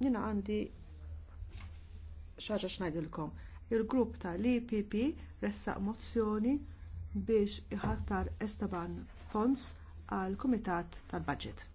Nina għandi xaġa xnajdilkom. Il-grupp tal-IPP ressaq mozzjoni biex iħattar Esteban Fons għal Kumitat tal-Budget.